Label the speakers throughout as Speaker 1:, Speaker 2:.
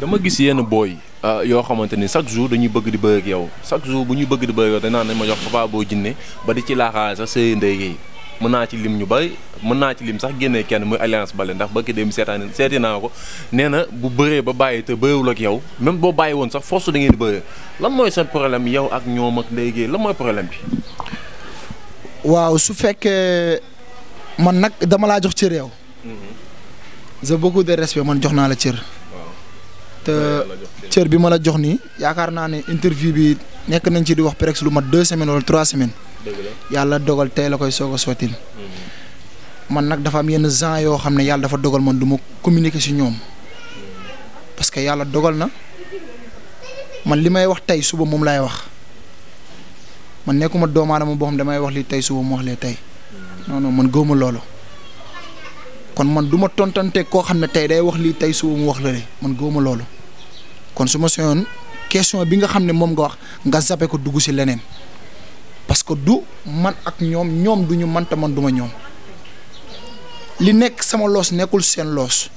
Speaker 1: dama gis yenn booy ah, yoo xamante ni chaque jour dañuy bëgg di bëgg ak yow chaque jour bu ñuy bëgg di bëgg ak danaa dañ ma jox Papa Boy Djiné ba di ci laaxaale sax sëy ndey yi mën naa ci lim ñu bari mën naa ci lim sax génnee kenn muy alliance bale ndax bëgg dem seetaan seeti naa ko nee na bu bëree ba bàyyi te bëriwul ak yow même boo bàyyi woon sax force da ngeen di bëree lan mooy seen problème yow ak ñoom ak ndéygee lan mooy problème
Speaker 2: su fekkee man nag dama laa jox cër yow. Mhm. j'ai beaucoup de jox naa la cër. te cër bi ma la jox nii yaakaar naa ne interview bi nekk nañ ci di wax presque lu ma deux semaines wala trois semaines. yàlla dogal tey la koy soog a sottil man nag dafa am yenn gens yoo xam ne yàlla dafa dogal man du ma communiquer si ñoom parce que yàlla dogal na man li may wax tey suba moom lay wax man nekkuma doomu aadama boo xam damay wax lii tey suba mu wax lee tey non non man gëwma loolu kon man du ma tontante koo xam ne tey day wax lii tey suba mu wax la man gëwma loolu. kon su ma soñoon question bi nga xam ne moom nga wax nga zappe ko dugg si leneen parce que du man ak ñoom ñoom du ñu mënta man duma ma ñoom li nekk sama loos nekkul seen loos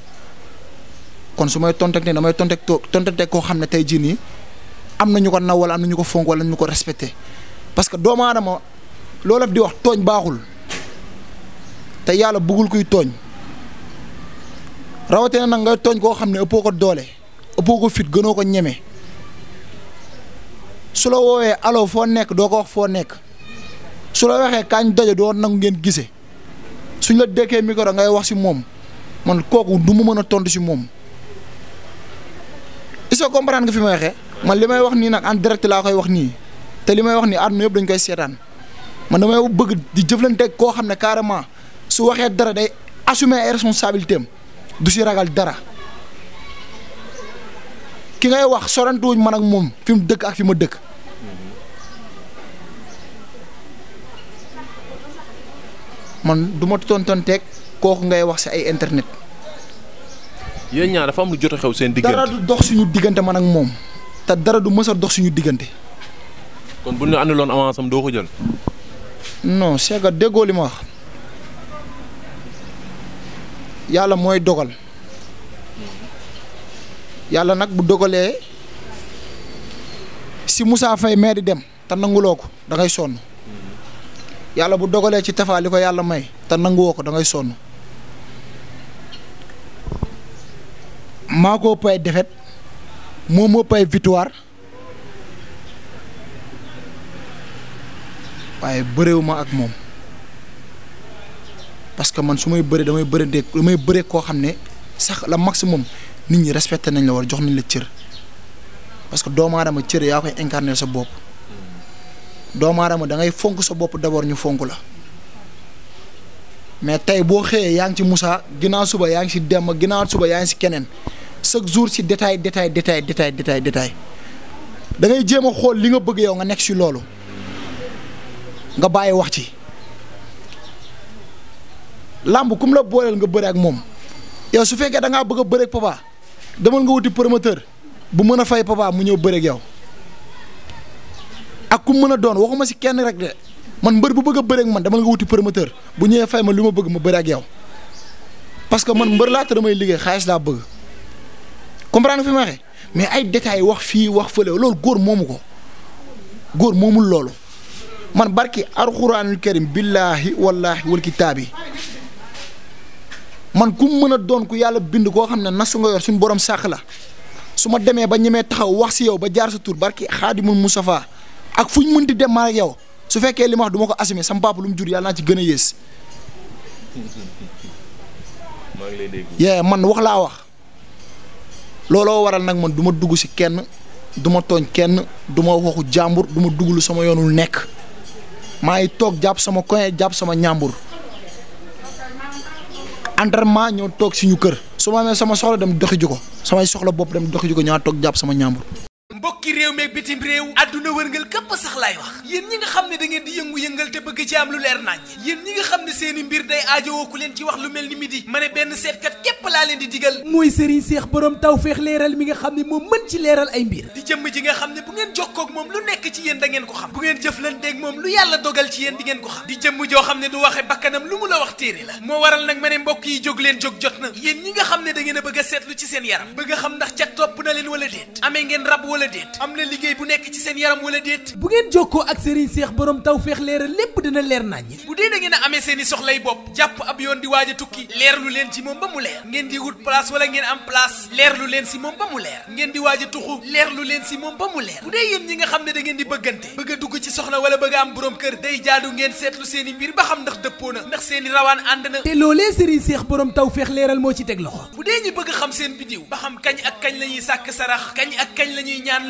Speaker 2: kon su may tontek ne damay tontek too tontek koo xam ne tey jii nii am na ñu ko naw wala am na ñu ko fonk wala ñu ko respecté parce que doomu aadama loolu di wax tooñ baaxul te yàlla buggul kuy tooñ rawatina nag ngay tooñ koo xam ne ëppoo ko doole. boo ko fit gënoo ko ñeme su la woowee allo foo nekk doo ko wax foo nekk su la waxee kaañ daje doo nangu ngeen gisee suñ la dekkee micro ngay wax si moom man kooku du mu mën a tontu si moom est-ce que nga fi ma waxee man li may wax nii nag en direct laa koy wax nii te li may wax nii àdduna yëpp dañ koy seetaan man damay bëgg di jëflante koo xam ne carrément su waxee dara day assumer ay responsabilités du si ragal dara. ki ngay wax sorante wuñ man ak moom fi mu dëkk ak fi ma dëkk. man du ma tontonteeg kooku ngay wax si ay internet.
Speaker 1: yéen ñaar dafa am jot a xew seen. diggante dara du
Speaker 2: dox suñu diggante man ak moom te dara du mës a dox suñu diggante.
Speaker 1: kon bu ñu andiloon avance doo ko jël.
Speaker 2: non c'est que déggoo li ma wax yàlla mooy dogal. yàlla nag bu dogalee si musaa fay mee di dem te nanguloo ko dangay sonn yàlla bu dogalee ci Tapha li ko yàlla may te nanguwoo ko dangay sonn maa ko ëpp ay défaite moo ma ëpp ay victoire waaye bëréewuma ak moom parce que man su may bëri damay bëri dégg damay bëri koo xam ne sax la maximum nit ñi respecté nañ la war jox nañ la cër parce que doomu aadama cër yaa koy incarner sa bopp doomu aadama da ngay fonk sa bopp d'abord ñu fonk la mais tey boo xëyee yaa ngi ci Moussa ginnaaw suba yaa ngi ci Demba ginnaaw suba yaa ngi ci keneen chaque jour ci détail détail détail détail détail détail da ngay jéem a xool li nga bëgg yow nga nekk ci loolu nga bàyyi wax ci làmb kum la nga bëre ak moom yow su fekkee da bëgg a bëre demal nga wuti promoteur bu mën a fay papa mu ñëw bëreeg yow ak ku mën a doon waxuma si kenn rek de man mbër bu bëgg a bëreeg man demal nga wuti promoteur bu ñëwee fay ma lu ma bëgg ma bëreeg yow parce que man mbër laa te may liggéey xaalis laa bëgg comprendre fi ma waxee mais ay détails wax fii wax fële loolu góor moomu ko góor moomul loolu man barki alxuraanul karim billaahi wallaahi wal kitaabi man ku mu mën a doon ku yàlla bind koo xam ne nasu nga yor suñu borom sàq la su ma demee ba ñemee taxaw wax si yow ba jaar sa tur barki xaadimul Mustafa ak fu ñu mënti dem ma ak yow su fekkee li ma wax ko assumer sama papa mu jur yàlla naa ci gën wax laa wax looloo waral nag man du dugg si kenn du ma tooñ kenn du ma waxu jàmbur du ma dugg lu sama yoonul nekk maa ngi toog jàpp sama coin jàpp sama ñàmbur. entraînement ñëw toog suñu kër su ma amee sama soxla dem doxi ji ko samay soxla bopp dem doxi ji ko ñaa toog jàpp sama ñaambur
Speaker 1: bokki réew meeg bitim réew adduna wërngal këpp sax lay wax yen ñi nga xam ne da ngeen di yëngu-yëngal te bëgg ci am lu leer nañ yéen ñi nga xam ne seeni mbir day aajowoo ku leen ci wax lu mel ni midi ma ne benn seetkat képp laa leen di digal mooy sëriñ seex borom tawfeex leeral mi nga xam ne moom mën ci leeral ay mbir di jëm ji nga xam ne bu ngeen jokkoog moom lu nekk ci yéen dangeen ko xam bu ngeen jëflanteeg moom lu yàlla dogal ci yéen dingeen ko xam di jëmm joo xam ne du waxe bakkanam lu mu la wax téere la moo waral nag ma ne mbokk yi jóg leen jóg jot na yéen ñi nga xam ne da ngeen bëgg a ci seen yaram bëgg a xam ndax ca topp na leen wala déet amee ngeen rab wala déet am na liggéey bu nekk ci seen yaram wala déet bu ngeen jokkoo ak Serigne Seex borom taw feex leeral lépp dina leer naññ bu dee ngeen a seen i soxlay bopp jàpp ab yoon di a tukki leer leen ci moom ba ngeen di wut place wala ngeen am place leer lu leen si moom ba mu ngeen di waaj a leer lu leen si moom ba mu leer bu ñi nga xam ne da ngeen bëggante bëgg dugg ci soxna wala am borom kër day jaadu ngeen seen i mbir ba ndax dëppoo na ndax seen rawaan ànd na te loolee Serigne Seex taw feex leeral moo ci teg loxo bu dee ñi bëgg xam seen bidiw ba xam kañ ak kañ la ñuy sàkk sarax kañ ak kañ la ñuy ñaan